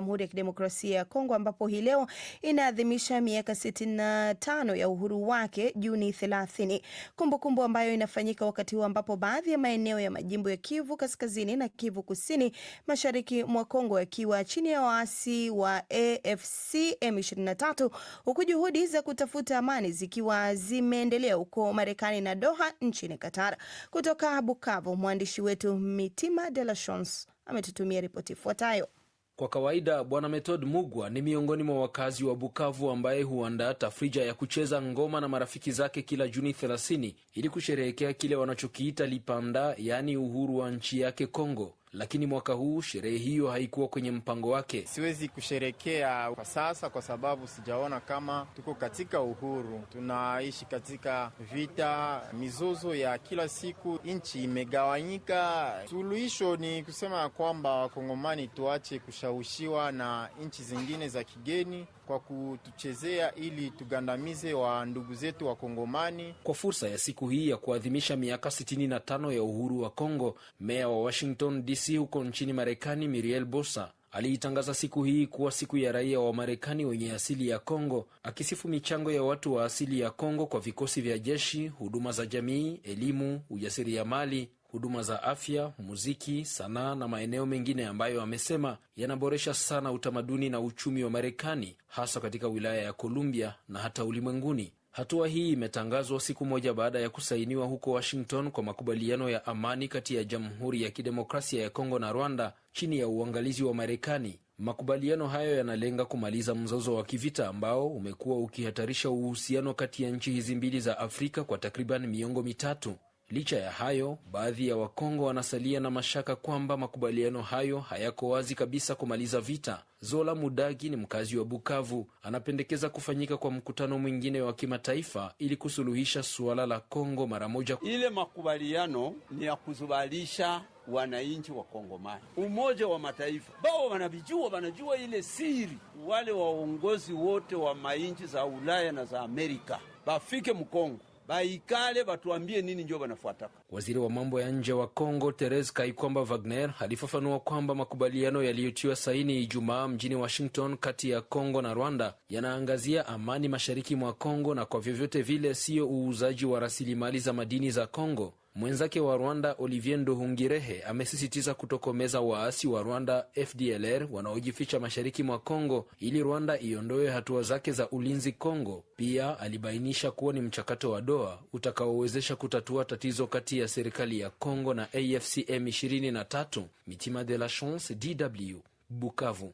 Jamhuri ya Kidemokrasia ya Kongo ambapo hii leo inaadhimisha miaka 65 ya uhuru wake Juni 30, kumbukumbu ambayo inafanyika wakati huu ambapo baadhi ya maeneo ya majimbo ya Kivu Kaskazini na Kivu Kusini mashariki mwa Kongo yakiwa chini ya waasi wa AFC M23, huku juhudi za kutafuta amani zikiwa zimeendelea huko Marekani na Doha nchini Qatar. Kutoka Bukavu, mwandishi wetu Mitima de la Chance ametutumia ripoti ifuatayo. Kwa kawaida Bwana Method Mugwa ni miongoni mwa wakazi wa Bukavu ambaye huandaa tafrija ya kucheza ngoma na marafiki zake kila Juni 30 ili kusherehekea kile wanachokiita lipanda, yaani uhuru wa nchi yake Kongo lakini mwaka huu sherehe hiyo haikuwa kwenye mpango wake. Siwezi kusherekea kwa sasa kwa sababu sijaona kama tuko katika uhuru. Tunaishi katika vita, mizozo ya kila siku, nchi imegawanyika. Suluhisho ni kusema ya kwamba wakongomani tuache kushawishiwa na nchi zingine za kigeni kwa kutuchezea ili tugandamize wa ndugu zetu wakongomani. Kwa fursa ya siku hii ya kuadhimisha miaka 65 ya uhuru wa Kongo, meya wa Washington DC polisi huko nchini Marekani miriel Bosa aliitangaza siku hii kuwa siku ya raia wa Marekani wenye asili ya Kongo, akisifu michango ya watu wa asili ya Kongo kwa vikosi vya jeshi, huduma za jamii, elimu, ujasiriamali, huduma za afya, muziki, sanaa na maeneo mengine ambayo amesema yanaboresha sana utamaduni na uchumi wa Marekani, hasa katika wilaya ya Columbia na hata ulimwenguni. Hatua hii imetangazwa siku moja baada ya kusainiwa huko Washington kwa makubaliano ya amani kati ya Jamhuri ya Kidemokrasia ya Kongo na Rwanda chini ya uangalizi wa Marekani. Makubaliano hayo yanalenga kumaliza mzozo wa kivita ambao umekuwa ukihatarisha uhusiano kati ya nchi hizi mbili za Afrika kwa takriban miongo mitatu. Licha ya hayo, baadhi ya Wakongo wanasalia na mashaka kwamba makubaliano hayo hayako wazi kabisa kumaliza vita. Zola Mudagi ni mkazi wa Bukavu, anapendekeza kufanyika kwa mkutano mwingine wa kimataifa ili kusuluhisha suala la Kongo mara moja. Ile makubaliano ni ya kuzubalisha wananchi wa Kongomani. Umoja wa Mataifa bao wanavijua, wanajua ile siri. Wale waongozi wote wa mainchi za Ulaya na za Amerika bafike Mkongo baikale batuambie nini ndio banafuataka. Waziri wa mambo ya nje wa Congo Therese Kaikwamba Wagner alifafanua kwamba makubaliano yaliyotiwa saini Ijumaa mjini Washington kati ya congo na Rwanda yanaangazia amani mashariki mwa congo na kwa vyovyote vile siyo uuzaji wa rasilimali za madini za congo Mwenzake wa Rwanda Olivier Nduhungirehe amesisitiza kutokomeza waasi wa Rwanda FDLR wanaojificha mashariki mwa Kongo ili Rwanda iondoe hatua zake za ulinzi Kongo. Pia alibainisha kuwa ni mchakato wa Doha utakaowezesha kutatua tatizo kati ya serikali ya Kongo na AFC M23. Mitima de la Chance, DW, Bukavu.